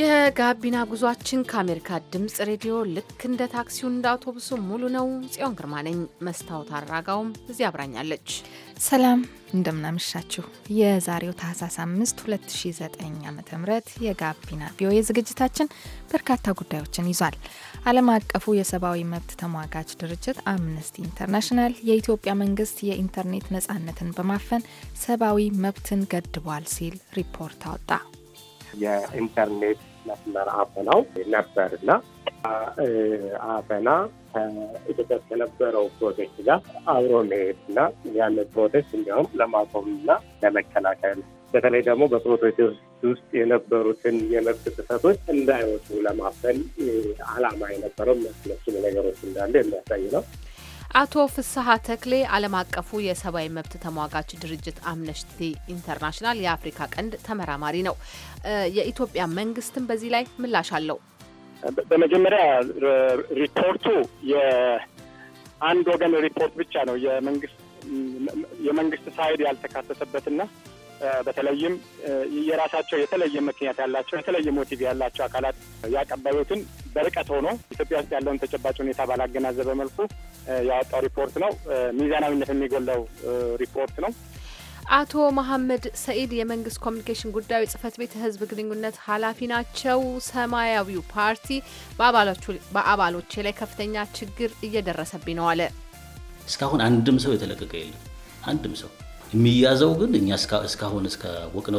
የጋቢና ጉዟችን ከአሜሪካ ድምፅ ሬዲዮ ልክ እንደ ታክሲው እንደ አውቶቡሱ ሙሉ ነው። ጽዮን ግርማ ነኝ። መስታወት አራጋውም እዚህ አብራኛለች። ሰላም እንደምናመሻችሁ። የዛሬው ታህሳስ 5 2009 ዓ ም የጋቢና ቪኦኤ ዝግጅታችን በርካታ ጉዳዮችን ይዟል። ዓለም አቀፉ የሰብአዊ መብት ተሟጋች ድርጅት አምነስቲ ኢንተርናሽናል የኢትዮጵያ መንግስት የኢንተርኔት ነጻነትን በማፈን ሰብአዊ መብትን ገድቧል ሲል ሪፖርት አወጣ። የኢንተርኔት መስመር አፈናው ነበር እና አፈና ከኢትዮጵያ ከነበረው ፕሮጀክት ጋር አብሮ መሄድ እና ያን ፕሮጀክት እንዲያውም ለማቆም እና ለመከላከል በተለይ ደግሞ በፕሮጀክት ውስጥ የነበሩትን የመብት ጥሰቶች እንዳይወጡ ለማፈን አላማ የነበረው መስለሱ ነገሮች እንዳለ የሚያሳይ ነው። አቶ ፍስሀ ተክሌ ዓለም አቀፉ የሰብአዊ መብት ተሟጋች ድርጅት አምነስቲ ኢንተርናሽናል የአፍሪካ ቀንድ ተመራማሪ ነው። የኢትዮጵያ መንግስትም በዚህ ላይ ምላሽ አለው። በመጀመሪያ ሪፖርቱ የአንድ ወገን ሪፖርት ብቻ ነው። የመንግስት ሳይድ ያልተካተተበትና በተለይም የራሳቸው የተለየ ምክንያት ያላቸው የተለየ ሞቲቭ ያላቸው አካላት ያቀበሉትን በርቀት ሆኖ ኢትዮጵያ ውስጥ ያለውን ተጨባጭ ሁኔታ ባላገናዘበ መልኩ ያወጣው ሪፖርት ነው። ሚዛናዊነት የሚጎለው ሪፖርት ነው። አቶ መሀመድ ሰኢድ የመንግስት ኮሚኒኬሽን ጉዳዩ ጽህፈት ቤት ህዝብ ግንኙነት ኃላፊ ናቸው። ሰማያዊው ፓርቲ በአባሎቼ ላይ ከፍተኛ ችግር እየደረሰብኝ ነው አለ። እስካሁን አንድም ሰው የተለቀቀ የለም። አንድም ሰው የሚያዘው ግን እኛ እስካሁን እስከ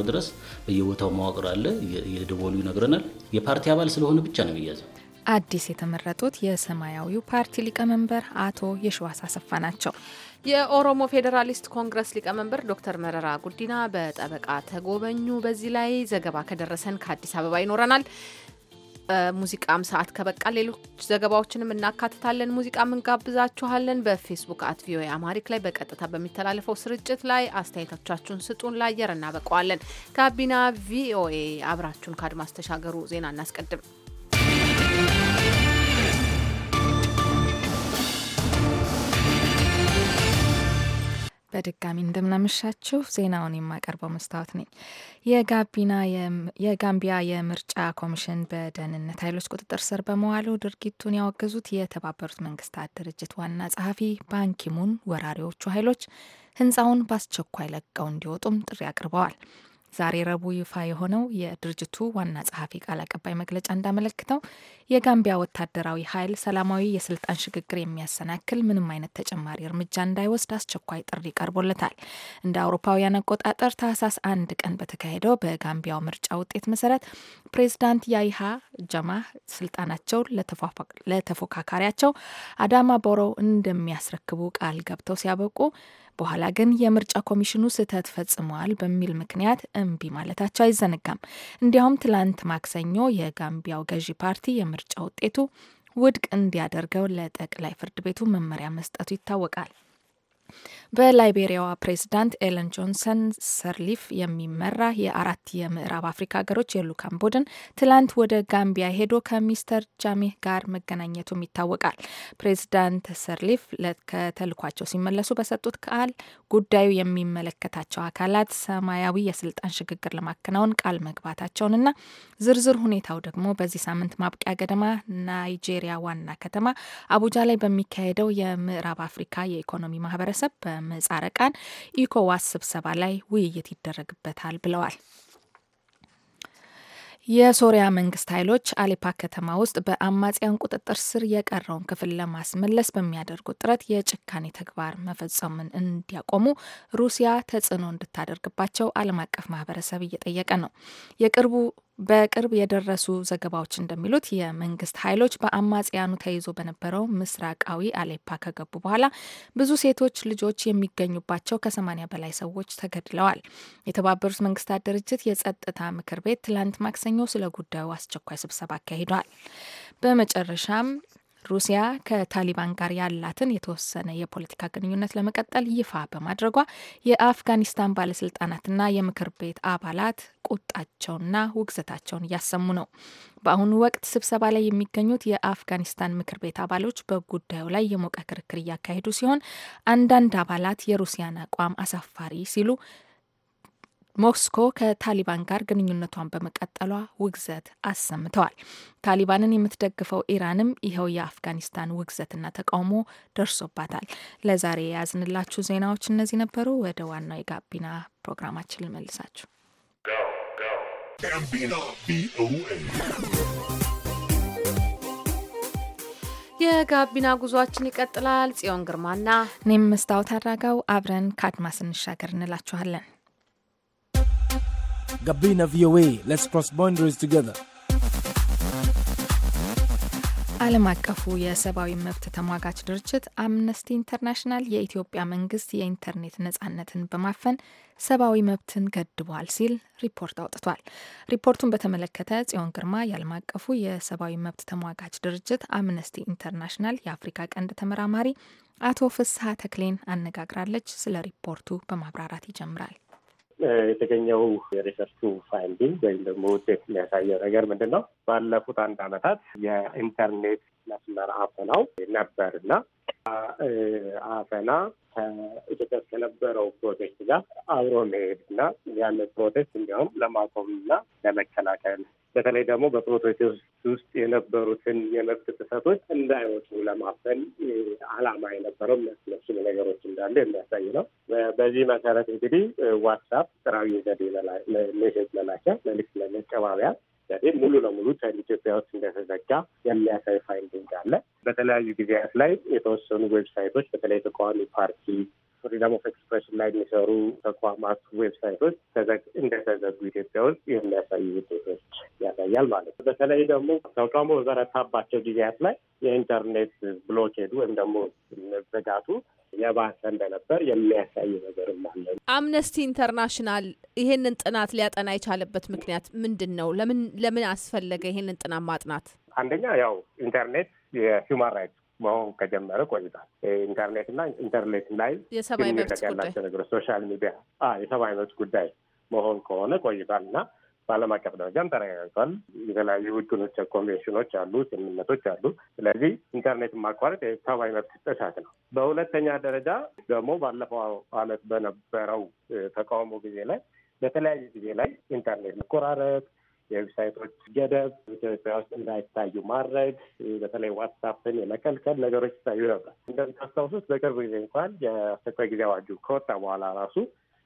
ድረስ በየቦታው መዋቅር አለ፣ የደወሉ ይነግረናል። የፓርቲ አባል ስለሆነ ብቻ ነው የሚያዘው። አዲስ የተመረጡት የሰማያዊው ፓርቲ ሊቀመንበር አቶ የሸዋስ አሰፋ ናቸው። የኦሮሞ ፌዴራሊስት ኮንግረስ ሊቀመንበር ዶክተር መረራ ጉዲና በጠበቃ ተጎበኙ። በዚህ ላይ ዘገባ ከደረሰን ከአዲስ አበባ ይኖረናል። ሙዚቃም ሰዓት ከበቃ ሌሎች ዘገባዎችንም እናካትታለን። ሙዚቃም እንጋብዛችኋለን። በፌስቡክ አት ቪኦኤ አማሪክ ላይ በቀጥታ በሚተላለፈው ስርጭት ላይ አስተያየቶቻችሁን ስጡን፣ ለአየር እናበቀዋለን። ጋቢና ቪኦኤ አብራችሁን ከአድማስ ተሻገሩ። ዜና እናስቀድም። በድጋሚ እንደምናመሻችሁ ዜናውን የማቀርበው መስታወት ነኝ። የጋቢና የጋምቢያ የምርጫ ኮሚሽን በደህንነት ኃይሎች ቁጥጥር ስር በመዋሉ ድርጊቱን ያወገዙት የተባበሩት መንግስታት ድርጅት ዋና ጸሐፊ ባንኪሙን ወራሪዎቹ ኃይሎች ህንፃውን በአስቸኳይ ለቀው እንዲወጡም ጥሪ አቅርበዋል። ዛሬ ረቡዕ ይፋ የሆነው የድርጅቱ ዋና ጸሐፊ ቃል አቀባይ መግለጫ እንዳመለክተው የጋምቢያ ወታደራዊ ኃይል ሰላማዊ የስልጣን ሽግግር የሚያሰናክል ምንም አይነት ተጨማሪ እርምጃ እንዳይወስድ አስቸኳይ ጥሪ ቀርቦለታል። እንደ አውሮፓውያን አቆጣጠር ታህሳስ አንድ ቀን በተካሄደው በጋምቢያው ምርጫ ውጤት መሰረት ፕሬዚዳንት ያይሃ ጀማህ ስልጣናቸው ለተፎካካሪያቸው አዳማ ቦሮ እንደሚያስረክቡ ቃል ገብተው ሲያበቁ በኋላ ግን የምርጫ ኮሚሽኑ ስህተት ፈጽመዋል በሚል ምክንያት እምቢ ማለታቸው አይዘነጋም። እንዲያውም ትላንት ማክሰኞ የጋምቢያው ገዢ ፓርቲ የምርጫ ውጤቱ ውድቅ እንዲያደርገው ለጠቅላይ ፍርድ ቤቱ መመሪያ መስጠቱ ይታወቃል። በላይቤሪያዋ ፕሬዚዳንት ኤለን ጆንሰን ሰርሊፍ የሚመራ የአራት የምዕራብ አፍሪካ ሀገሮች የልዑካን ቡድን ትላንት ወደ ጋምቢያ ሄዶ ከሚስተር ጃሜህ ጋር መገናኘቱም ይታወቃል። ፕሬዚዳንት ሰርሊፍ ከተልኳቸው ሲመለሱ በሰጡት ቃል ጉዳዩ የሚመለከታቸው አካላት ሰማያዊ የስልጣን ሽግግር ለማከናወን ቃል መግባታቸውንና ዝርዝር ሁኔታው ደግሞ በዚህ ሳምንት ማብቂያ ገደማ ናይጄሪያ ዋና ከተማ አቡጃ ላይ በሚካሄደው የምዕራብ አፍሪካ የኢኮኖሚ ማህበረሰብ ማህበረሰብ በምህጻረ ቃል ኢኮዋስ ስብሰባ ላይ ውይይት ይደረግበታል ብለዋል። የሶሪያ መንግስት ኃይሎች አሌፓ ከተማ ውስጥ በአማጽያን ቁጥጥር ስር የቀረውን ክፍል ለማስመለስ በሚያደርጉት ጥረት የጭካኔ ተግባር መፈጸምን እንዲያቆሙ ሩሲያ ተጽዕኖ እንድታደርግባቸው ዓለም አቀፍ ማህበረሰብ እየጠየቀ ነው። የቅርቡ በቅርብ የደረሱ ዘገባዎች እንደሚሉት የመንግስት ኃይሎች በአማጽያኑ ተይዞ በነበረው ምስራቃዊ አሌፓ ከገቡ በኋላ ብዙ ሴቶች ልጆች የሚገኙባቸው ከሰማኒያ በላይ ሰዎች ተገድለዋል። የተባበሩት መንግስታት ድርጅት የጸጥታ ምክር ቤት ትላንት ማክሰኞ ስለ ጉዳዩ አስቸኳይ ስብሰባ አካሂዷል። በመጨረሻም ሩሲያ ከታሊባን ጋር ያላትን የተወሰነ የፖለቲካ ግንኙነት ለመቀጠል ይፋ በማድረጓ የአፍጋኒስታን ባለስልጣናትና የምክር ቤት አባላት ቁጣቸውና ውግዘታቸውን እያሰሙ ነው። በአሁኑ ወቅት ስብሰባ ላይ የሚገኙት የአፍጋኒስታን ምክር ቤት አባሎች በጉዳዩ ላይ የሞቀ ክርክር እያካሄዱ ሲሆን አንዳንድ አባላት የሩሲያን አቋም አሳፋሪ ሲሉ ሞስኮ ከታሊባን ጋር ግንኙነቷን በመቀጠሏ ውግዘት አሰምተዋል። ታሊባንን የምትደግፈው ኢራንም ይኸው የአፍጋኒስታን ውግዘትና ተቃውሞ ደርሶባታል። ለዛሬ የያዝንላችሁ ዜናዎች እነዚህ ነበሩ። ወደ ዋናው የጋቢና ፕሮግራማችን ልመልሳችሁ። የጋቢና ጉዟችን ይቀጥላል። ጽዮን ግርማና እኔም መስታወት አድራጋው አብረን ከአድማስ እንሻገር እንላችኋለን። Gabina VOA Let's cross boundaries together ዓለም አቀፉ የሰብአዊ መብት ተሟጋች ድርጅት አምነስቲ ኢንተርናሽናል የኢትዮጵያ መንግስት የኢንተርኔት ነጻነትን በማፈን ሰብአዊ መብትን ገድቧል ሲል ሪፖርት አውጥቷል። ሪፖርቱን በተመለከተ ጽዮን ግርማ የዓለም አቀፉ የሰብአዊ መብት ተሟጋች ድርጅት አምነስቲ ኢንተርናሽናል የአፍሪካ ቀንድ ተመራማሪ አቶ ፍስሐ ተክሌን አነጋግራለች። ስለ ሪፖርቱ በማብራራት ይጀምራል። የተገኘው የሪሰርቹ ፋይንዲንግ ወይም ደግሞ ውጤት የሚያሳየው ነገር ምንድን ነው? ባለፉት አንድ አመታት የኢንተርኔት መስመር አፈናው ነበር እና አፈና ከኢትዮጵያ ከነበረው ፕሮቴስት ጋር አብሮ መሄድ እና ያንን ፕሮቴስት እንዲያውም ለማቆም እና ለመከላከል በተለይ ደግሞ በፕሮቶኮል ውስጥ የነበሩትን የመብት ጥሰቶች እንዳይወጡ ለማፈን አላማ የነበረው የሚያስመስሉ ነገሮች እንዳለ የሚያሳይ ነው። በዚህ መሰረት እንግዲህ ዋትሳፕ ጥራዊ ዘዴ ሜሴጅ መላኪያ መልዕክት ለመቀባበያ ዘዴ ሙሉ ለሙሉ ከኢትዮጵያ ውስጥ እንደተዘጋ የሚያሳይ ፋይንዲንግ አለ። በተለያዩ ጊዜያት ላይ የተወሰኑ ዌብሳይቶች በተለይ ተቃዋሚ ፓርቲ ፍሪደም ኦፍ ኤክስፕሬሽን ላይ የሚሰሩ ተቋማት ዌብሳይቶች እንደተዘጉ ኢትዮጵያ ውስጥ የሚያሳዩ ውጤቶች ያሳያል ማለት ነው። በተለይ ደግሞ ተቃውሞ በበረታባቸው ጊዜያት ላይ የኢንተርኔት ብሎኬዱ ወይም ደግሞ መዘጋቱ የባሰ እንደነበር የሚያሳይ ነገርም አለ። አምነስቲ ኢንተርናሽናል ይሄንን ጥናት ሊያጠና የቻለበት ምክንያት ምንድን ነው? ለምን ለምን አስፈለገ ይሄንን ጥናት ማጥናት? አንደኛ ያው ኢንተርኔት የሂውማን ራይትስ መሆን ከጀመረ ቆይቷል። ኢንተርኔትና ኢንተርኔት ላይ ግንኙነት ያላቸው ነገሮች ሶሻል ሚዲያ የሰብአዊ መብት ጉዳይ መሆን ከሆነ ቆይቷል እና በዓለም አቀፍ ደረጃም ተረጋግቷል። የተለያዩ ውድኖች፣ ኮንቬንሽኖች አሉ፣ ስምምነቶች አሉ። ስለዚህ ኢንተርኔት ማቋረጥ የሰብአዊ መብት ጥሰት ነው። በሁለተኛ ደረጃ ደግሞ ባለፈው ዓመት በነበረው ተቃውሞ ጊዜ ላይ በተለያዩ ጊዜ ላይ ኢንተርኔት መቆራረጥ የዌብሳይቶች ገደብ ኢትዮጵያ ውስጥ እንዳይታዩ ማድረግ፣ በተለይ ዋትሳፕን የመከልከል ነገሮች ይታዩ ነበር። እንደምታስታውሱት በቅርብ ጊዜ እንኳን የአስቸኳይ ጊዜ አዋጁ ከወጣ በኋላ ራሱ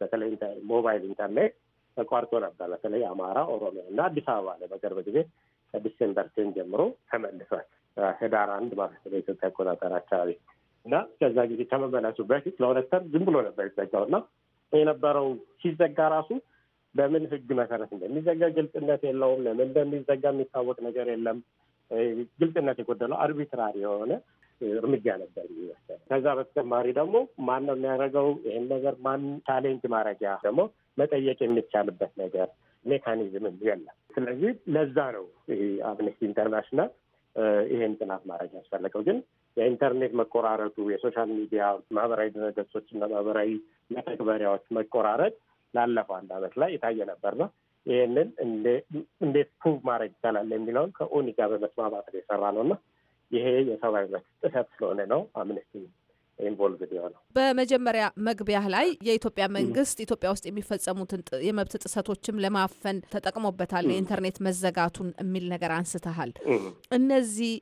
በተለይ ሞባይል ኢንተርኔት ተቋርጦ ነበር። በተለይ አማራ፣ ኦሮሚያ እና አዲስ አበባ ላይ በቅርብ ጊዜ ከዲሴምበር ቴን ጀምሮ ተመልሷል። ህዳር አንድ ማለት ነው በኢትዮጵያ አቆጣጠር አካባቢ እና ከዛ ጊዜ ከመመለሱ በፊት ለሁለት ዝም ብሎ ነበር ይዘጋው እና የነበረው ሲዘጋ ራሱ በምን ህግ መሰረት እንደሚዘጋ ግልጽነት የለውም። ለምን እንደሚዘጋ የሚታወቅ ነገር የለም። ግልጽነት የጎደለው አርቢትራሪ የሆነ እርምጃ ነበር የሚወሰድ። ከዛ በተጨማሪ ደግሞ ማን ነው የሚያደርገው ይህን ነገር ማን ቻሌንጅ ማድረጊያ ደግሞ መጠየቅ የሚቻልበት ነገር ሜካኒዝምም የለም። ስለዚህ ለዛ ነው አምነስቲ ኢንተርናሽናል ይሄን ጥናት ማድረግ ያስፈለገው። ግን የኢንተርኔት መቆራረጡ የሶሻል ሚዲያ ማህበራዊ እና ማህበራዊ መተግበሪያዎች መቆራረጥ ላለፈው አንድ አመት ላይ የታየ ነበር ነው። ይህንን እንዴት ፕሩቭ ማድረግ ይቻላል የሚለውን ከኦኒ ጋር በመስማማት የሰራ ነው እና ይሄ የሰብአዊ መብት ጥሰት ስለሆነ ነው አምነስቲ ኢንቮልቭድ የሆነው። በመጀመሪያ መግቢያ ላይ የኢትዮጵያ መንግስት ኢትዮጵያ ውስጥ የሚፈጸሙትን የመብት ጥሰቶችም ለማፈን ተጠቅሞበታል የኢንተርኔት መዘጋቱን የሚል ነገር አንስተሃል። እነዚህ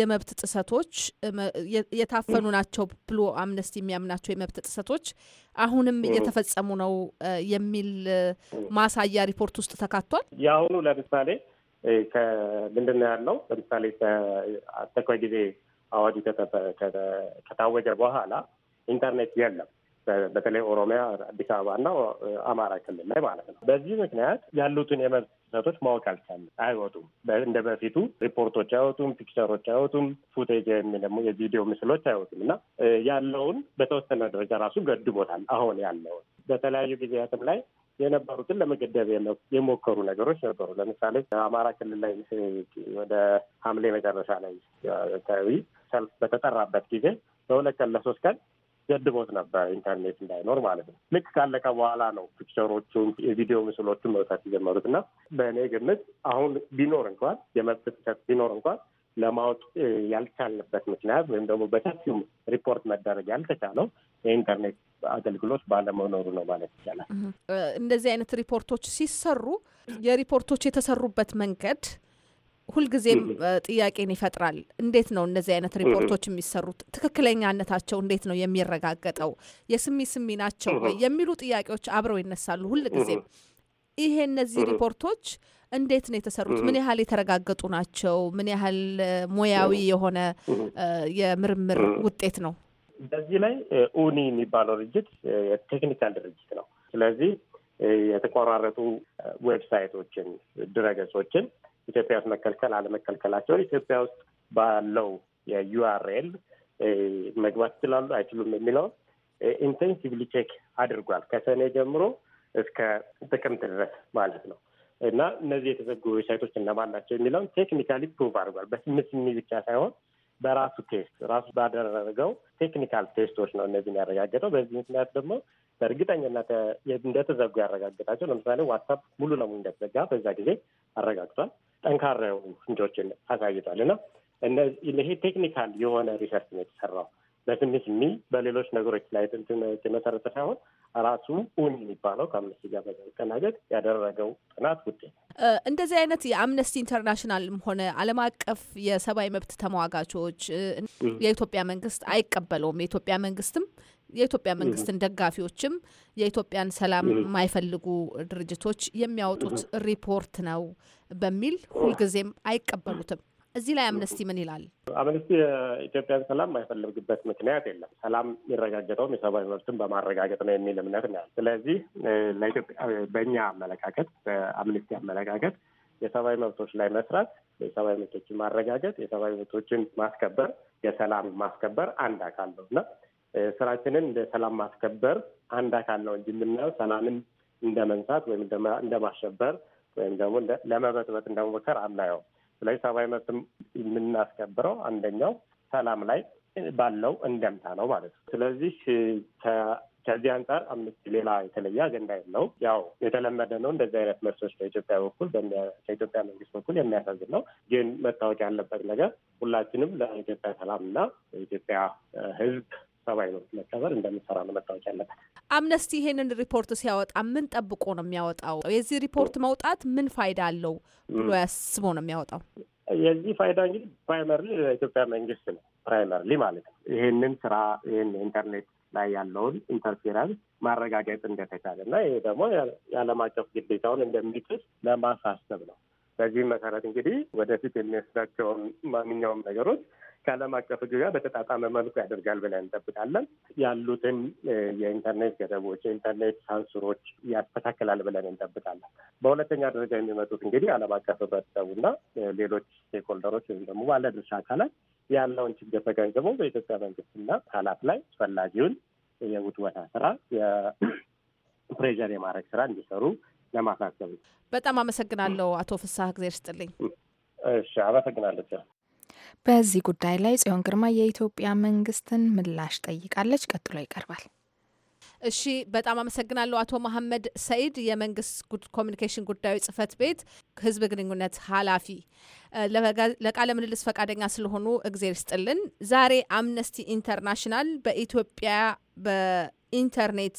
የመብት ጥሰቶች የታፈኑ ናቸው ብሎ አምነስቲ የሚያምናቸው የመብት ጥሰቶች አሁንም እየተፈጸሙ ነው የሚል ማሳያ ሪፖርት ውስጥ ተካቷል። የአሁኑ ለምሳሌ ምንድን ነው ያለው? ለምሳሌ አስቸኳይ ጊዜ አዋጁ ከታወጀ በኋላ ኢንተርኔት የለም። በተለይ ኦሮሚያ፣ አዲስ አበባ እና አማራ ክልል ላይ ማለት ነው። በዚህ ምክንያት ያሉትን የመብት ጥሰቶች ማወቅ አልቻለም። አይወጡም፣ እንደ በፊቱ ሪፖርቶች አይወጡም፣ ፒክቸሮች አይወጡም፣ ፉቴጅ ወይም ደግሞ የቪዲዮ ምስሎች አይወጡም እና ያለውን በተወሰነ ደረጃ ራሱ ገድቦታል። አሁን ያለውን በተለያዩ ጊዜያትም ላይ የነበሩትን ለመገደብ የሞከሩ ነገሮች ነበሩ። ለምሳሌ አማራ ክልል ላይ ወደ ሐምሌ መጨረሻ ላይ አካባቢ ሰልፍ በተጠራበት ጊዜ ለሁለት ቀን ለሶስት ቀን ገድቦት ነበር፣ ኢንተርኔት እንዳይኖር ማለት ነው። ልክ ካለቀ በኋላ ነው ፒክቸሮቹን የቪዲዮ ምስሎቹን መውጣት የጀመሩት እና በእኔ ግምት አሁን ቢኖር እንኳን የመብት ጥሰት ቢኖር እንኳን ለማወቅ ያልቻልንበት ምክንያት ወይም ደግሞ በሰፊው ሪፖርት መደረግ ያልተቻለው የኢንተርኔት አገልግሎት ባለመኖሩ ነው ማለት ይቻላል። እንደዚህ አይነት ሪፖርቶች ሲሰሩ የሪፖርቶች የተሰሩበት መንገድ ሁልጊዜም ጥያቄን ይፈጥራል። እንዴት ነው እነዚህ አይነት ሪፖርቶች የሚሰሩት? ትክክለኛነታቸው እንዴት ነው የሚረጋገጠው? የስሚ ስሚ ናቸው የሚሉ ጥያቄዎች አብረው ይነሳሉ ሁልጊዜም። ይሄ እነዚህ ሪፖርቶች እንዴት ነው የተሰሩት? ምን ያህል የተረጋገጡ ናቸው? ምን ያህል ሙያዊ የሆነ የምርምር ውጤት ነው? በዚህ ላይ ኡኒ የሚባለው ድርጅት የቴክኒካል ድርጅት ነው። ስለዚህ የተቆራረጡ ዌብሳይቶችን፣ ድረገጾችን ኢትዮጵያ ውስጥ መከልከል አለመከልከላቸውን ኢትዮጵያ ውስጥ ባለው የዩአርኤል መግባት ይችላሉ አይችሉም የሚለውን ኢንቴንሲቭሊ ቼክ አድርጓል። ከሰኔ ጀምሮ እስከ ጥቅምት ድረስ ማለት ነው። እና እነዚህ የተዘጉ ዌብሳይቶች እነማን ናቸው የሚለውን ቴክኒካሊ ፕሩቭ አድርጓል። በስምስሚ ብቻ ሳይሆን በራሱ ቴስት ራሱ ባደረገው ቴክኒካል ቴስቶች ነው እነዚህን ያረጋገጠው። በዚህ ምክንያት ደግሞ በእርግጠኝነት እንደተዘጉ ያረጋግጣቸው ለምሳሌ ዋትሳፕ ሙሉ ለሙሉ እንደተዘጋ በዛ ጊዜ አረጋግጧል። ጠንካራ የሆኑ ፍንጮችን አሳይቷል። እና ይሄ ቴክኒካል የሆነ ሪሰርች ነው የተሰራው በትንሽ ሚል በሌሎች ነገሮች ላይ የመሰረተ ሳይሆን ራሱ ኡን የሚባለው ከአምነስቲ ጋር በመቀናጀት ያደረገው ጥናት ውጤት እንደዚህ አይነት የአምነስቲ ኢንተርናሽናልም ሆነ ዓለም አቀፍ የሰብአዊ መብት ተሟጋቾች የኢትዮጵያ መንግስት አይቀበለውም። የኢትዮጵያ መንግስትም የኢትዮጵያ መንግስትን ደጋፊዎችም የኢትዮጵያን ሰላም የማይፈልጉ ድርጅቶች የሚያወጡት ሪፖርት ነው በሚል ሁልጊዜም አይቀበሉትም። እዚህ ላይ አምነስቲ ምን ይላል? አምነስቲ የኢትዮጵያን ሰላም የማይፈልግበት ምክንያት የለም። ሰላም የሚረጋገጠውም የሰብአዊ መብትን በማረጋገጥ ነው የሚል እምነት ነው። ስለዚህ ለኢትዮጵያ በእኛ አመለካከት፣ በአምነስቲ አመለካከት የሰብአዊ መብቶች ላይ መስራት፣ የሰብአዊ መብቶችን ማረጋገጥ፣ የሰብአዊ መብቶችን ማስከበር የሰላም ማስከበር አንድ አካል ነው እና ስራችንን እንደ ሰላም ማስከበር አንድ አካል ነው እንጂ የምናየው ሰላምን እንደ መንሳት ወይም እንደ ማሸበር ወይም ደግሞ ለመበጥበጥ እንደመሞከር አናየውም። ስለዚህ ሰብአዊ መብት የምናስከብረው አንደኛው ሰላም ላይ ባለው እንደምታ ነው ማለት ነው። ስለዚህ ከዚህ አንጻር አምስት ሌላ የተለየ አጀንዳ የለው። ያው የተለመደ ነው እንደዚህ አይነት መልሶች በኢትዮጵያ በኩል ከኢትዮጵያ መንግስት በኩል የሚያሳዝን ነው። ግን መታወቅ ያለበት ነገር ሁላችንም ለኢትዮጵያ ሰላምና ኢትዮጵያ ሕዝብ ሰብአዊ መብት መከበር እንደምሰራ ነው መታወቅ ያለበት። አምነስቲ ይሄንን ሪፖርት ሲያወጣ ምን ጠብቆ ነው የሚያወጣው? የዚህ ሪፖርት መውጣት ምን ፋይዳ አለው ብሎ ያስቦ ነው የሚያወጣው? የዚህ ፋይዳ እንግዲህ ፕራይመርሊ ለኢትዮጵያ መንግስት ነው። ፕራይመርሊ ማለት ነው ይህንን ስራ ይህን ኢንተርኔት ላይ ያለውን ኢንተርፌረንስ ማረጋገጥ እንደተቻለ እና ይሄ ደግሞ የዓለም አቀፍ ግዴታውን እንደሚጥስ ለማሳሰብ ነው። በዚህም መሰረት እንግዲህ ወደፊት የሚወስዳቸውን ማንኛውም ነገሮች ከዓለም አቀፍ ሕግ ጋር በተጣጣመ መልኩ ያደርጋል ብለን እንጠብቃለን። ያሉትን የኢንተርኔት ገደቦች፣ የኢንተርኔት ሳንሱሮች ያስተካክላል ብለን እንጠብቃለን። በሁለተኛ ደረጃ የሚመጡት እንግዲህ ዓለም አቀፍ ህብረተሰቡና ሌሎች ስቴክሆልደሮች ወይም ደግሞ ባለድርሻ አካላት ያለውን ችግር ተገንዝበው በኢትዮጵያ መንግስትና ካላት ላይ አስፈላጊውን የውትወታ ስራ የፕሬዠር የማድረግ ስራ እንዲሰሩ ለማሳሰብ ነው። በጣም አመሰግናለሁ አቶ ፍስሐ፣ እግዜር ስጥልኝ። እሺ፣ አመሰግናለሁ። በዚህ ጉዳይ ላይ ጽዮን ግርማ የኢትዮጵያ መንግስትን ምላሽ ጠይቃለች። ቀጥሎ ይቀርባል። እሺ፣ በጣም አመሰግናለሁ አቶ መሐመድ ሰይድ የመንግስት ኮሚኒኬሽን ጉዳዮች ጽህፈት ቤት ህዝብ ግንኙነት ኃላፊ ለቃለ ምልልስ ፈቃደኛ ስለሆኑ እግዜር ይስጥልን። ዛሬ አምነስቲ ኢንተርናሽናል በኢትዮጵያ በኢንተርኔት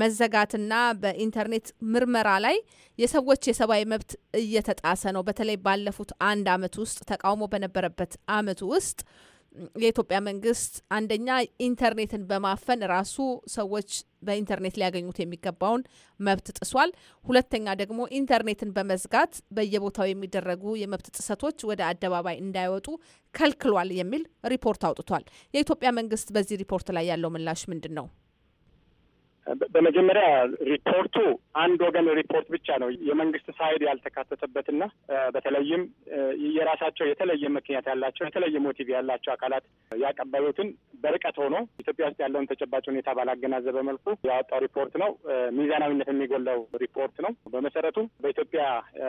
መዘጋትና በኢንተርኔት ምርመራ ላይ የሰዎች የሰብአዊ መብት እየተጣሰ ነው። በተለይ ባለፉት አንድ አመት ውስጥ ተቃውሞ በነበረበት አመት ውስጥ የኢትዮጵያ መንግስት አንደኛ ኢንተርኔትን በማፈን ራሱ ሰዎች በኢንተርኔት ሊያገኙት የሚገባውን መብት ጥሷል። ሁለተኛ ደግሞ ኢንተርኔትን በመዝጋት በየቦታው የሚደረጉ የመብት ጥሰቶች ወደ አደባባይ እንዳይወጡ ከልክሏል የሚል ሪፖርት አውጥቷል። የኢትዮጵያ መንግስት በዚህ ሪፖርት ላይ ያለው ምላሽ ምንድን ነው? በመጀመሪያ ሪፖርቱ አንድ ወገን ሪፖርት ብቻ ነው። የመንግስት ሳይድ ያልተካተተበትና በተለይም የራሳቸው የተለየ ምክንያት ያላቸው የተለየ ሞቲቭ ያላቸው አካላት ያቀበሉትን በርቀት ሆኖ ኢትዮጵያ ውስጥ ያለውን ተጨባጭ ሁኔታ ባላገናዘበ መልኩ ያወጣው ሪፖርት ነው። ሚዛናዊነት የሚጎላው ሪፖርት ነው። በመሰረቱ በኢትዮጵያ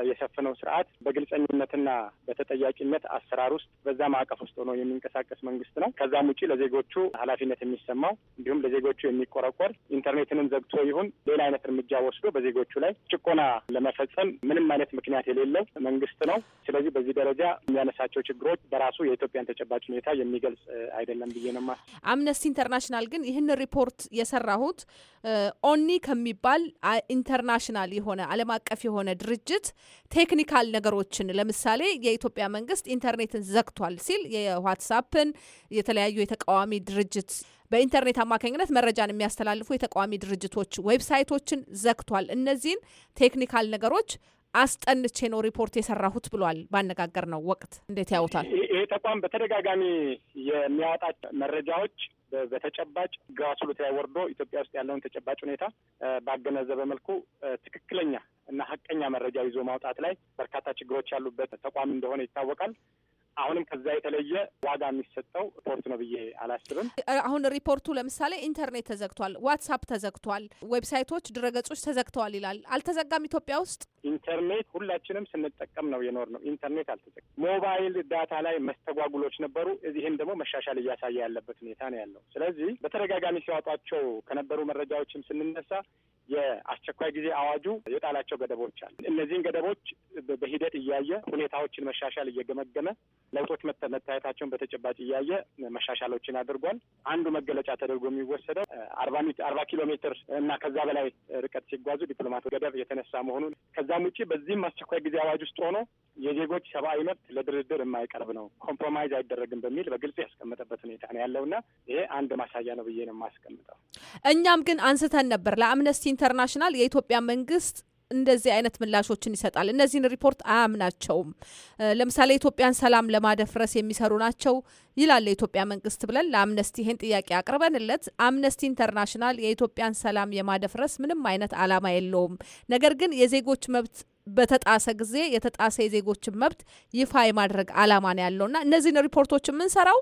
የሰፈነው ስርዓት በግልጸኝነትና በተጠያቂነት አሰራር ውስጥ በዛ ማዕቀፍ ውስጥ ሆኖ የሚንቀሳቀስ መንግስት ነው። ከዛም ውጪ ለዜጎቹ ኃላፊነት የሚሰማው እንዲሁም ለዜጎቹ የሚቆረቆር ኢንተርኔት ቤትንም ዘግቶ ይሁን ሌላ አይነት እርምጃ ወስዶ በዜጎቹ ላይ ጭቆና ለመፈጸም ምንም አይነት ምክንያት የሌለው መንግስት ነው። ስለዚህ በዚህ ደረጃ የሚያነሳቸው ችግሮች በራሱ የኢትዮጵያን ተጨባጭ ሁኔታ የሚገልጽ አይደለም ብዬ ነው አምነስቲ ኢንተርናሽናል ግን ይህን ሪፖርት የሰራሁት ኦኒ ከሚባል ኢንተርናሽናል የሆነ ዓለም አቀፍ የሆነ ድርጅት ቴክኒካል ነገሮችን ለምሳሌ የኢትዮጵያ መንግስት ኢንተርኔትን ዘግቷል ሲል የዋትሳፕን የተለያዩ የተቃዋሚ ድርጅት በኢንተርኔት አማካኝነት መረጃን የሚያስተላልፉ የተቃዋሚ ድርጅቶች ዌብሳይቶችን ዘግቷል። እነዚህን ቴክኒካል ነገሮች አስጠንቼ ነው ሪፖርት የሰራሁት ብሏል። ባነጋገር ነው ወቅት እንዴት ያውታል። ይህ ተቋም በተደጋጋሚ የሚያወጣ መረጃዎች በተጨባጭ ግራስሩት ላይ ወርዶ ኢትዮጵያ ውስጥ ያለውን ተጨባጭ ሁኔታ ባገነዘበ መልኩ ትክክለኛ እና ሀቀኛ መረጃ ይዞ ማውጣት ላይ በርካታ ችግሮች ያሉበት ተቋም እንደሆነ ይታወቃል። አሁንም ከዛ የተለየ ዋጋ የሚሰጠው ሪፖርት ነው ብዬ አላስብም። አሁን ሪፖርቱ ለምሳሌ ኢንተርኔት ተዘግቷል፣ ዋትሳፕ ተዘግቷል፣ ዌብሳይቶች፣ ድረገጾች ተዘግተዋል ይላል። አልተዘጋም ኢትዮጵያ ውስጥ ኢንተርኔት ሁላችንም ስንጠቀም ነው የኖር ነው። ኢንተርኔት አልተዘጋም። ሞባይል ዳታ ላይ መስተጓጉሎች ነበሩ። እዚህም ደግሞ መሻሻል እያሳየ ያለበት ሁኔታ ነው ያለው። ስለዚህ በተደጋጋሚ ሲያወጧቸው ከነበሩ መረጃዎችም ስንነሳ የአስቸኳይ ጊዜ አዋጁ የጣላቸው ገደቦች አሉ። እነዚህን ገደቦች በሂደት እያየ ሁኔታዎችን መሻሻል እየገመገመ ለውጦች መታየታቸውን በተጨባጭ እያየ መሻሻሎችን አድርጓል። አንዱ መገለጫ ተደርጎ የሚወሰደው አርባ ኪሎ ሜትር እና ከዛ በላይ ርቀት ሲጓዙ ዲፕሎማቶች ገደብ የተነሳ መሆኑን ከዛም ውጭ በዚህም አስቸኳይ ጊዜ አዋጅ ውስጥ ሆኖ የዜጎች ሰብአዊ መብት ለድርድር የማይቀርብ ነው፣ ኮምፕሮማይዝ አይደረግም በሚል በግልጽ ያስቀመጠበት ሁኔታ ነው ያለውና ይሄ አንድ ማሳያ ነው ብዬ ነው የማስቀምጠው። እኛም ግን አንስተን ነበር ለአምነስቲ ኢንተርናሽናል የኢትዮጵያ መንግስት እንደዚህ አይነት ምላሾችን ይሰጣል። እነዚህን ሪፖርት አያምናቸውም። ለምሳሌ ኢትዮጵያን ሰላም ለማደፍረስ የሚሰሩ ናቸው ይላል የኢትዮጵያ መንግስት ብለን ለአምነስቲ ይህን ጥያቄ አቅርበንለት አምነስቲ ኢንተርናሽናል የኢትዮጵያን ሰላም የማደፍረስ ምንም አይነት አላማ የለውም፣ ነገር ግን የዜጎች መብት በተጣሰ ጊዜ የተጣሰ የዜጎችን መብት ይፋ የማድረግ አላማ ነው ያለው እና እነዚህን ሪፖርቶች የምንሰራው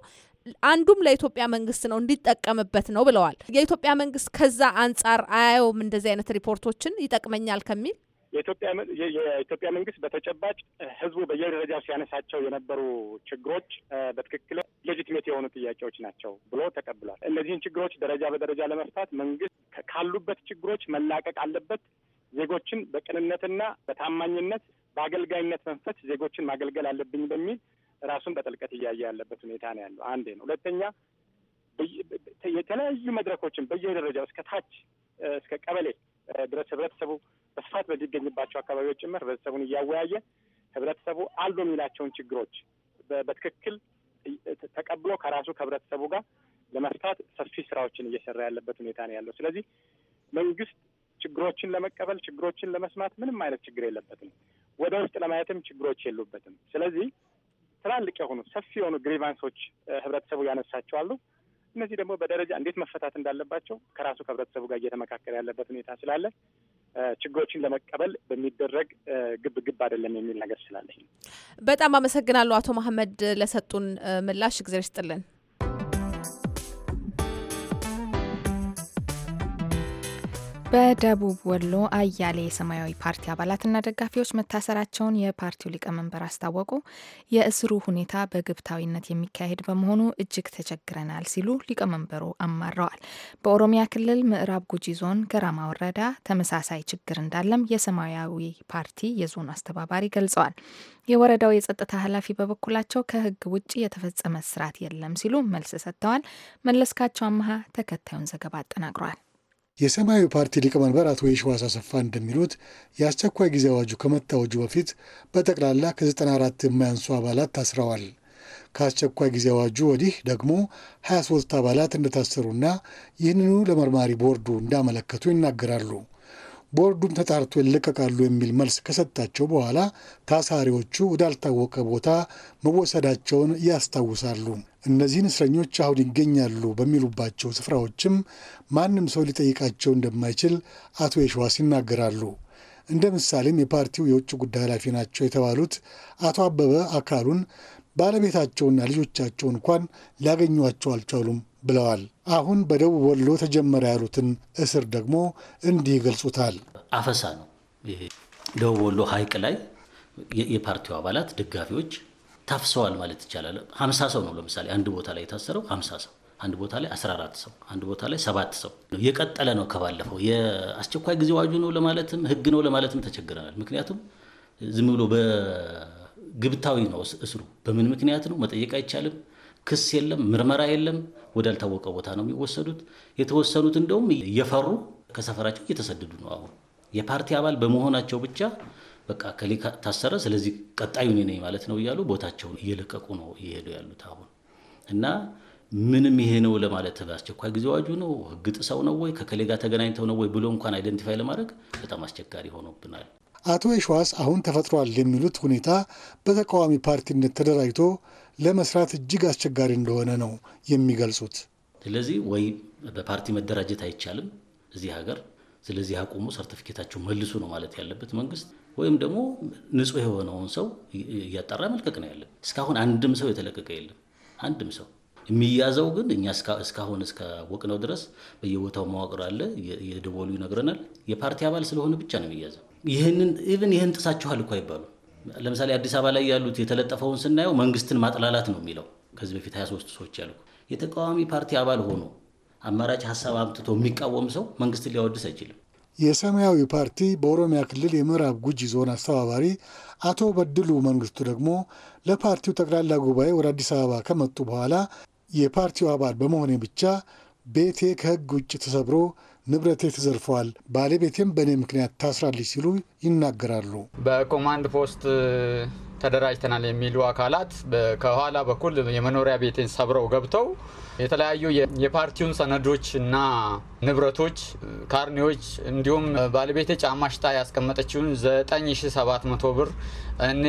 አንዱም ለኢትዮጵያ መንግስት ነው እንዲጠቀምበት ነው ብለዋል። የኢትዮጵያ መንግስት ከዛ አንጻር አያየውም እንደዚህ አይነት ሪፖርቶችን ይጠቅመኛል ከሚል የኢትዮጵያ መንግስት በተጨባጭ ህዝቡ በየደረጃው ሲያነሳቸው የነበሩ ችግሮች በትክክል ሌጂትሜት የሆኑ ጥያቄዎች ናቸው ብሎ ተቀብሏል። እነዚህን ችግሮች ደረጃ በደረጃ ለመፍታት መንግስት ካሉበት ችግሮች መላቀቅ አለበት። ዜጎችን በቅንነትና በታማኝነት በአገልጋይነት መንፈስ ዜጎችን ማገልገል አለብኝ በሚል ራሱን በጥልቀት እያየ ያለበት ሁኔታ ነው ያለው። አንዴ ነው። ሁለተኛ የተለያዩ መድረኮችን በየደረጃው እስከ ታች እስከ ቀበሌ ህብረተሰቡ በስፋት በሚገኝባቸው አካባቢዎች ጭምር ህብረተሰቡን እያወያየ ህብረተሰቡ አሉ የሚላቸውን ችግሮች በትክክል ተቀብሎ ከራሱ ከህብረተሰቡ ጋር ለመፍታት ሰፊ ስራዎችን እየሰራ ያለበት ሁኔታ ነው ያለው። ስለዚህ መንግስት ችግሮችን ለመቀበል ችግሮችን ለመስማት ምንም አይነት ችግር የለበትም። ወደ ውስጥ ለማየትም ችግሮች የሉበትም። ስለዚህ ትላልቅ የሆኑ ሰፊ የሆኑ ግሪቫንሶች ህብረተሰቡ ያነሳቸዋሉ። እነዚህ ደግሞ በደረጃ እንዴት መፈታት እንዳለባቸው ከራሱ ከህብረተሰቡ ጋር እየተመካከለ ያለበት ሁኔታ ስላለ ችግሮችን ለመቀበል በሚደረግ ግብ ግብ አይደለም የሚል ነገር ስላለኝ በጣም አመሰግናለሁ አቶ መሀመድ ለሰጡን ምላሽ። እግዜር ይስጥልን። በደቡብ ወሎ አያሌ የሰማያዊ ፓርቲ አባላትና ደጋፊዎች መታሰራቸውን የፓርቲው ሊቀመንበር አስታወቁ። የእስሩ ሁኔታ በግብታዊነት የሚካሄድ በመሆኑ እጅግ ተቸግረናል ሲሉ ሊቀመንበሩ አማረዋል። በኦሮሚያ ክልል ምዕራብ ጉጂ ዞን ገራማ ወረዳ ተመሳሳይ ችግር እንዳለም የሰማያዊ ፓርቲ የዞኑ አስተባባሪ ገልጸዋል። የወረዳው የጸጥታ ኃላፊ በበኩላቸው ከህግ ውጭ የተፈጸመ ስርዓት የለም ሲሉ መልስ ሰጥተዋል። መለስካቸው አመሀ ተከታዩን ዘገባ አጠናቅሯል። የሰማያዊ ፓርቲ ሊቀመንበር አቶ የሺዋስ አሰፋ እንደሚሉት የአስቸኳይ ጊዜ አዋጁ ከመታወጁ በፊት በጠቅላላ ከ94 የማያንሱ አባላት ታስረዋል። ከአስቸኳይ ጊዜ አዋጁ ወዲህ ደግሞ 23 አባላት እንደታሰሩና ይህንኑ ለመርማሪ ቦርዱ እንዳመለከቱ ይናገራሉ። ቦርዱም ተጣርቶ ይለቀቃሉ የሚል መልስ ከሰጣቸው በኋላ ታሳሪዎቹ ወዳልታወቀ ቦታ መወሰዳቸውን ያስታውሳሉ። እነዚህን እስረኞች አሁን ይገኛሉ በሚሉባቸው ስፍራዎችም ማንም ሰው ሊጠይቃቸው እንደማይችል አቶ የሸዋስ ይናገራሉ። እንደ ምሳሌም የፓርቲው የውጭ ጉዳይ ኃላፊ ናቸው የተባሉት አቶ አበበ አካሉን ባለቤታቸውና ልጆቻቸው እንኳን ሊያገኟቸው አልቻሉም ብለዋል። አሁን በደቡብ ወሎ ተጀመረ ያሉትን እስር ደግሞ እንዲህ ይገልጹታል። አፈሳ ነው። ደቡብ ወሎ ሀይቅ ላይ የፓርቲው አባላት ደጋፊዎች ታፍሰዋል ማለት ይቻላል። ሀምሳ ሰው ነው ለምሳሌ አንድ ቦታ ላይ የታሰረው ሀምሳ ሰው አንድ ቦታ ላይ 14 ሰው አንድ ቦታ ላይ ሰባት ሰው የቀጠለ ነው። ከባለፈው የአስቸኳይ ጊዜ አዋጁ ነው ለማለትም ህግ ነው ለማለትም ተቸግረናል። ምክንያቱም ዝም ብሎ በግብታዊ ነው እስሩ። በምን ምክንያት ነው መጠየቅ አይቻልም። ክስ የለም፣ ምርመራ የለም። ወዳልታወቀ ቦታ ነው የሚወሰዱት። የተወሰኑት እንደውም እየፈሩ ከሰፈራቸው እየተሰደዱ ነው። አሁን የፓርቲ አባል በመሆናቸው ብቻ በቃ ከሌ ታሰረ፣ ስለዚህ ቀጣዩ እኔ ነኝ ማለት ነው እያሉ ቦታቸውን እየለቀቁ ነው እየሄዱ ያሉት አሁን እና ምንም ይሄ ነው ለማለት በአስቸኳይ ጊዜ አዋጁ ነው ህግ ጥሰው ነው ወይ ከከሌ ጋር ተገናኝተው ነው ወይ ብሎ እንኳን አይደንቲፋይ ለማድረግ በጣም አስቸጋሪ ሆኖብናል። አቶ የሸዋስ አሁን ተፈጥሯል የሚሉት ሁኔታ በተቃዋሚ ፓርቲነት ተደራጅቶ ለመስራት እጅግ አስቸጋሪ እንደሆነ ነው የሚገልጹት። ስለዚህ ወይ በፓርቲ መደራጀት አይቻልም እዚህ ሀገር፣ ስለዚህ አቁሙ፣ ሰርቲፊኬታቸው መልሱ ነው ማለት ያለበት መንግስት፣ ወይም ደግሞ ንጹህ የሆነውን ሰው እያጣራ መልቀቅ ነው ያለን። እስካሁን አንድም ሰው የተለቀቀ የለም፣ አንድም ሰው የሚያዘው ግን እኛ እስካሁን እስካወቅነው ድረስ በየቦታው መዋቅር አለ፣ የደወሉ ይነግረናል። የፓርቲ አባል ስለሆነ ብቻ ነው የሚያዘው። ይህንን ኢቭን ይህን ጥሳችኋል እኮ አይባሉ። ለምሳሌ አዲስ አበባ ላይ ያሉት የተለጠፈውን ስናየው መንግስትን ማጥላላት ነው የሚለው ከዚህ በፊት 23 ሰዎች ያልኩ የተቃዋሚ ፓርቲ አባል ሆኖ አማራጭ ሀሳብ አምጥቶ የሚቃወም ሰው መንግስትን ሊያወድስ አይችልም። የሰማያዊ ፓርቲ በኦሮሚያ ክልል የምዕራብ ጉጂ ዞን አስተባባሪ አቶ በድሉ መንግስቱ ደግሞ ለፓርቲው ጠቅላላ ጉባኤ ወደ አዲስ አበባ ከመጡ በኋላ የፓርቲው አባል በመሆኔ ብቻ ቤቴ ከህግ ውጭ ተሰብሮ ንብረቴ ተዘርፈዋል፣ ባለቤቴም በእኔ ምክንያት ታስራለች ሲሉ ይናገራሉ። በኮማንድ ፖስት ተደራጅተናል የሚሉ አካላት ከኋላ በኩል የመኖሪያ ቤቴን ሰብረው ገብተው የተለያዩ የፓርቲውን ሰነዶች እና ንብረቶች፣ ካርኔዎች እንዲሁም ባለቤቴ ጫማ ሽጣ ያስቀመጠችውን 9700 ብር እኔ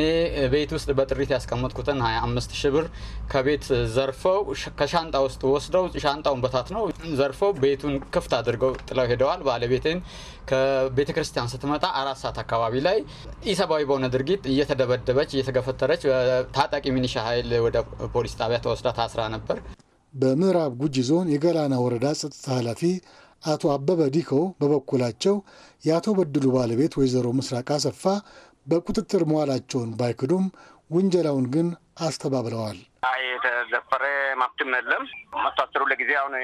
ቤት ውስጥ በጥሪት ያስቀመጥኩትን 25 ሺ ብር ከቤት ዘርፈው ከሻንጣ ውስጥ ወስደው ሻንጣውን በታት ነው ዘርፈው ቤቱን ክፍት አድርገው ጥለው ሄደዋል። ባለቤቴን ከቤተ ክርስቲያን ስትመጣ አራት ሰዓት አካባቢ ላይ ኢሰብአዊ በሆነ ድርጊት እየተደበደበች እየተገፈተረች ታጣቂ ሚኒሻ ኃይል ወደ ፖሊስ ጣቢያ ተወስዳ ታስራ ነበር። በምዕራብ ጉጂ ዞን የገላና ወረዳ ጸጥታ ኃላፊ አቶ አበበ ዲኮው በበኩላቸው የአቶ በድሉ ባለቤት ወይዘሮ ምስራቅ አሰፋ በቁጥጥር መዋላቸውን ባይክዱም ውንጀላውን ግን አስተባብለዋል። አይ የተዘፈረ መብትም የለም። መታሰሩ ለጊዜ አሁን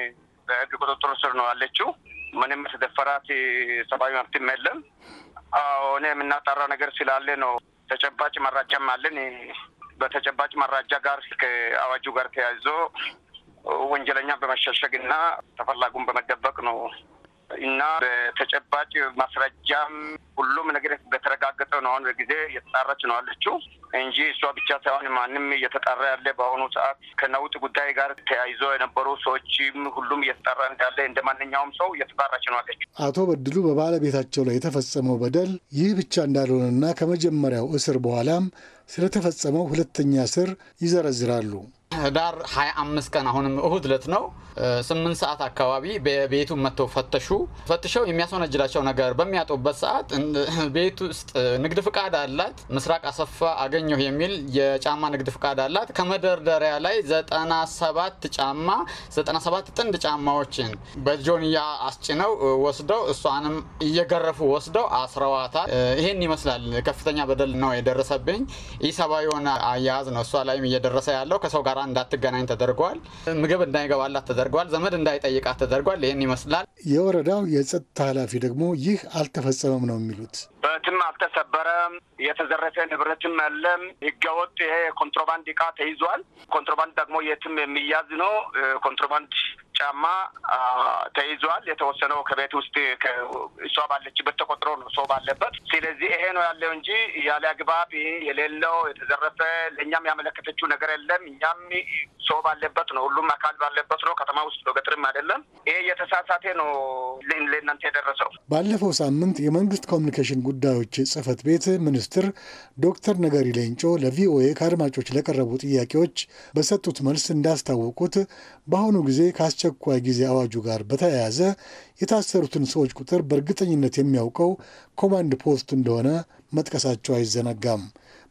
በህግ ቁጥጥር ስር ነው ያለችው። ምንም የተደፈራት ሰብአዊ መብትም የለም። ሆነ የምናጣራ ነገር ስላለ ነው። ተጨባጭ መራጃም አለን። በተጨባጭ መራጃ ጋር ከአዋጁ ጋር ተያይዞ ወንጀለኛ በመሸሸግ እና ተፈላጉን በመደበቅ ነው እና በተጨባጭ ማስረጃም ሁሉም ነገር በተረጋገጠ ነው። አሁን በጊዜ እየተጣራች ነው አለችው እንጂ እሷ ብቻ ሳይሆን ማንም እየተጣራ ያለ በአሁኑ ሰዓት ከነውጥ ጉዳይ ጋር ተያይዞ የነበሩ ሰዎችም ሁሉም እየተጣራ እንዳለ እንደ ማንኛውም ሰው እየተጣራች ነው አለችው። አቶ በድሉ በባለቤታቸው ላይ የተፈጸመው በደል ይህ ብቻ እንዳልሆነና ከመጀመሪያው እስር በኋላም ስለተፈጸመው ሁለተኛ እስር ይዘረዝራሉ። ህዳር 25 ቀን አሁንም እሁድ ዕለት ነው ስምንት ሰዓት አካባቢ በቤቱ መጥተው ፈተሹ። ፈትሸው የሚያስወነጅላቸው ነገር በሚያጡበት ሰዓት ቤት ውስጥ ንግድ ፍቃድ አላት ምስራቅ አሰፋ አገኘሁ የሚል የጫማ ንግድ ፍቃድ አላት። ከመደርደሪያ ላይ 97 ጫማ 97 ጥንድ ጫማዎችን በጆንያ አስጭነው ወስደው እሷንም እየገረፉ ወስደው አስረዋታል። ይሄን ይመስላል። ከፍተኛ በደል ነው የደረሰብኝ። ኢሰብአዊ የሆነ አያያዝ ነው እሷ ላይም እየደረሰ ያለው። ከሰው ጋር እንዳትገናኝ ተደርጓል። ምግብ እንዳይገባላት ተደርጓል። ተደርጓል። ዘመድ እንዳይጠይቃት ተደርጓል። ይህን ይመስላል። የወረዳው የጸጥታ ኃላፊ ደግሞ ይህ አልተፈጸመም ነው የሚሉት። በትም አልተሰበረም፣ የተዘረፈ ንብረትም ያለም ህገወጥ ይሄ ኮንትሮባንድ እቃ ተይዟል። ኮንትሮባንድ ደግሞ የትም የሚያዝ ነው። ኮንትሮባንድ ጫማ ተይዟል። የተወሰነው ከቤት ውስጥ እሷ ባለችበት ተቆጥሮ ነው ሰው ባለበት። ስለዚህ ይሄ ነው ያለው እንጂ ያለ አግባብ የሌለው የተዘረፈ ለእኛም ያመለከተችው ነገር የለም። እኛም ሰው ባለበት ነው፣ ሁሉም አካል ባለበት ነው። ከተማ ውስጥ ነው፣ ገጠርም አይደለም። ይሄ የተሳሳቴ ነው ለእናንተ የደረሰው። ባለፈው ሳምንት የመንግስት ኮሚኒኬሽን ጉዳዮች ጽህፈት ቤት ሚኒስትር ዶክተር ነገሪ ሌንጮ ለቪኦኤ ከአድማጮች ለቀረቡ ጥያቄዎች በሰጡት መልስ እንዳስታወቁት በአሁኑ ጊዜ ከአስቸ ከአስቸኳይ ጊዜ አዋጁ ጋር በተያያዘ የታሰሩትን ሰዎች ቁጥር በእርግጠኝነት የሚያውቀው ኮማንድ ፖስት እንደሆነ መጥቀሳቸው አይዘነጋም።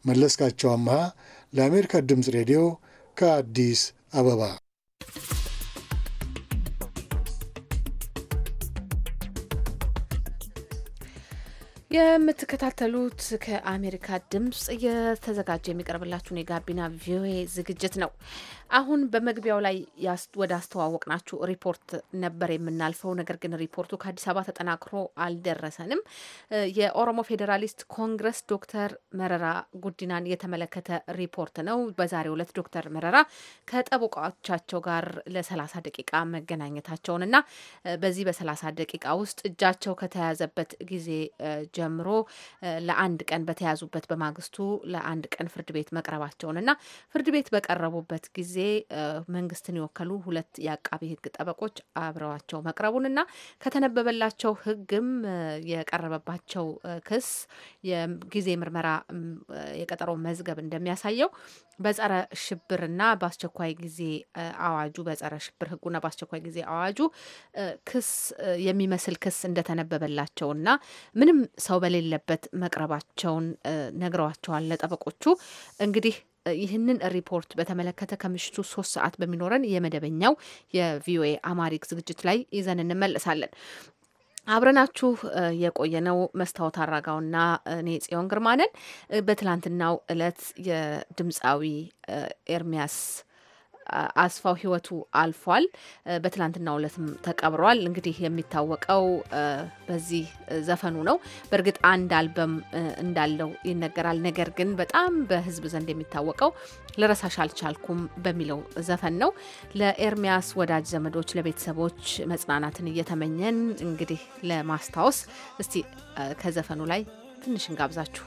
መለስካቸው አምሃ ለአሜሪካ ድምፅ ሬዲዮ ከአዲስ አበባ። የምትከታተሉት ከአሜሪካ ድምፅ እየተዘጋጀ የሚቀርብላችሁን የጋቢና ቪኦኤ ዝግጅት ነው። አሁን በመግቢያው ላይ ወደ ናችሁ ሪፖርት ነበር የምናልፈው። ነገር ግን ሪፖርቱ ከአዲስ አበባ ተጠናክሮ አልደረሰንም። የኦሮሞ ፌዴራሊስት ኮንግረስ ዶክተር መረራ ጉዲናን የተመለከተ ሪፖርት ነው። በዛሬው ዕለት ዶክተር መረራ ከጠበቃዎቻቸው ጋር ለሰላሳ ደቂቃ መገናኘታቸውን እና በዚህ በሰላሳ ደቂቃ ውስጥ እጃቸው ከተያዘበት ጊዜ ጀምሮ ለአንድ ቀን በተያዙበት በማግስቱ ለአንድ ቀን ፍርድ ቤት መቅረባቸውን እና ፍርድ ቤት በቀረቡበት ጊዜ መንግስትን የወከሉ ሁለት የአቃቢ ህግ ጠበቆች አብረዋቸው መቅረቡንና ከተነበበላቸው ህግም የቀረበባቸው ክስ የጊዜ ምርመራ የቀጠሮ መዝገብ እንደሚያሳየው በጸረ ሽብርና በአስቸኳይ ጊዜ አዋጁ በጸረ ሽብር ህጉና በአስቸኳይ ጊዜ አዋጁ ክስ የሚመስል ክስ እንደተነበበላቸውና ምንም ሰው በሌለበት መቅረባቸውን ነግረዋቸዋል ለጠበቆቹ እንግዲህ ይህንን ሪፖርት በተመለከተ ከምሽቱ ሶስት ሰዓት በሚኖረን የመደበኛው የቪኦኤ አማሪክ ዝግጅት ላይ ይዘን እንመለሳለን። አብረናችሁ የቆየነው መስታወት አራጋውና እኔ ጽዮን ግርማንን በትላንትናው እለት የድምፃዊ ኤርሚያስ አስፋው ህይወቱ አልፏል። በትላንትናው ውለትም ተቀብሯል። እንግዲህ የሚታወቀው በዚህ ዘፈኑ ነው። በእርግጥ አንድ አልበም እንዳለው ይነገራል። ነገር ግን በጣም በህዝብ ዘንድ የሚታወቀው ልረሳሽ አልቻልኩም በሚለው ዘፈን ነው። ለኤርሚያስ ወዳጅ ዘመዶች፣ ለቤተሰቦች መጽናናትን እየተመኘን እንግዲህ ለማስታወስ እስቲ ከዘፈኑ ላይ ትንሽ እንጋብዛችሁ።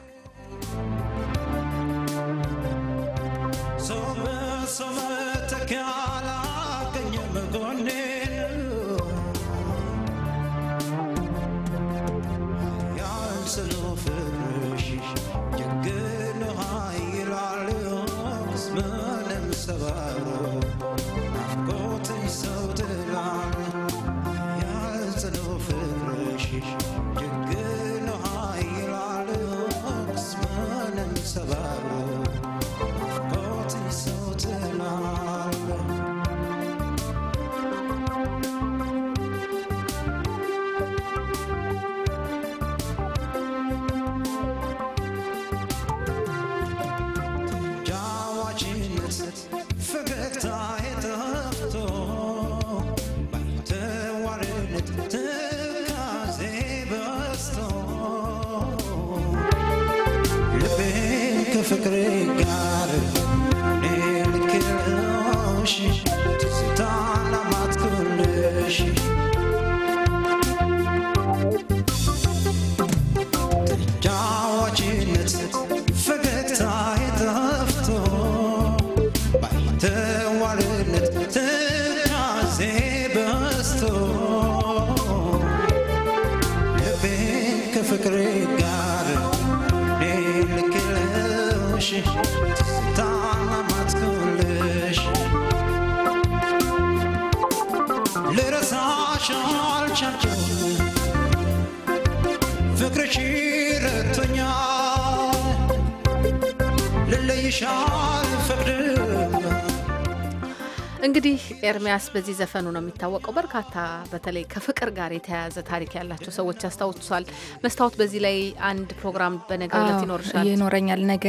እንግዲህ ኤርሚያስ በዚህ ዘፈኑ ነው የሚታወቀው። በርካታ በተለይ ከፍቅር ጋር የተያያዘ ታሪክ ያላቸው ሰዎች ያስታውሷል። መስታወት፣ በዚህ ላይ አንድ ፕሮግራም በነገ ይኖርሻል? ይኖረኛል። ነገ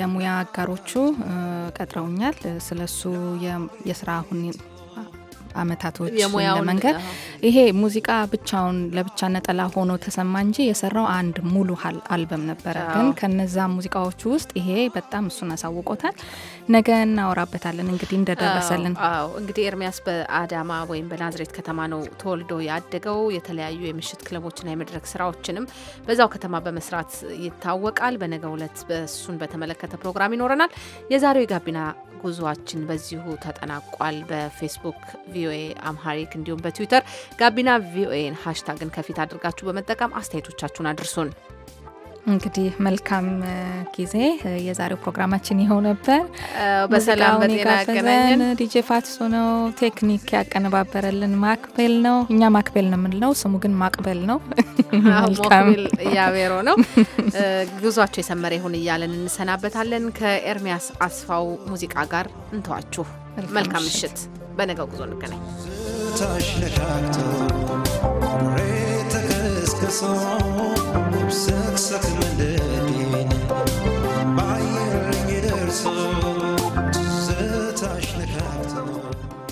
የሙያ አጋሮቹ ቀጥረውኛል። ስለሱ የስራ አመታቶች ለመንገር ይሄ ሙዚቃ ብቻውን ለብቻ ነጠላ ሆኖ ተሰማ እንጂ የሰራው አንድ ሙሉ አልበም ነበረ። ግን ከነዛ ሙዚቃዎቹ ውስጥ ይሄ በጣም እሱን አሳውቆታል። ነገ እናወራበታለን እንግዲህ እንደደረሰልን። አዎ እንግዲህ ኤርሚያስ በአዳማ ወይም በናዝሬት ከተማ ነው ተወልዶ ያደገው። የተለያዩ የምሽት ክለቦችና የመድረክ ስራዎችንም በዛው ከተማ በመስራት ይታወቃል። በነገ እለት በእሱን በተመለከተ ፕሮግራም ይኖረናል። የዛሬው የጋቢና ጉዞአችን በዚሁ ተጠናቋል። በፌስቡክ ቪኦኤ አምሃሪክ እንዲሁም በትዊተር ጋቢና ቪኦኤን ሀሽታግን ከፊት አድርጋችሁ በመጠቀም አስተያየቶቻችሁን አድርሱን። እንግዲህ መልካም ጊዜ። የዛሬው ፕሮግራማችን ይኸው ነበር። በሰላም በጤና ያገናኘን። ዲጄ ፋትሱ ነው። ቴክኒክ ያቀነባበረልን ማክቤል ነው። እኛ ማክቤል ነው የምንለው፣ ስሙ ግን ማቅበል ነው። ሞክቤል ያቤሮ ነው። ጉዟቸው የሰመረ ይሁን እያለን እንሰናበታለን። ከኤርሚያስ አስፋው ሙዚቃ ጋር እንተዋችሁ። መልካም ምሽት። በነገው ጉዞ እንገናኝ። كسران وبسكسك مدادينا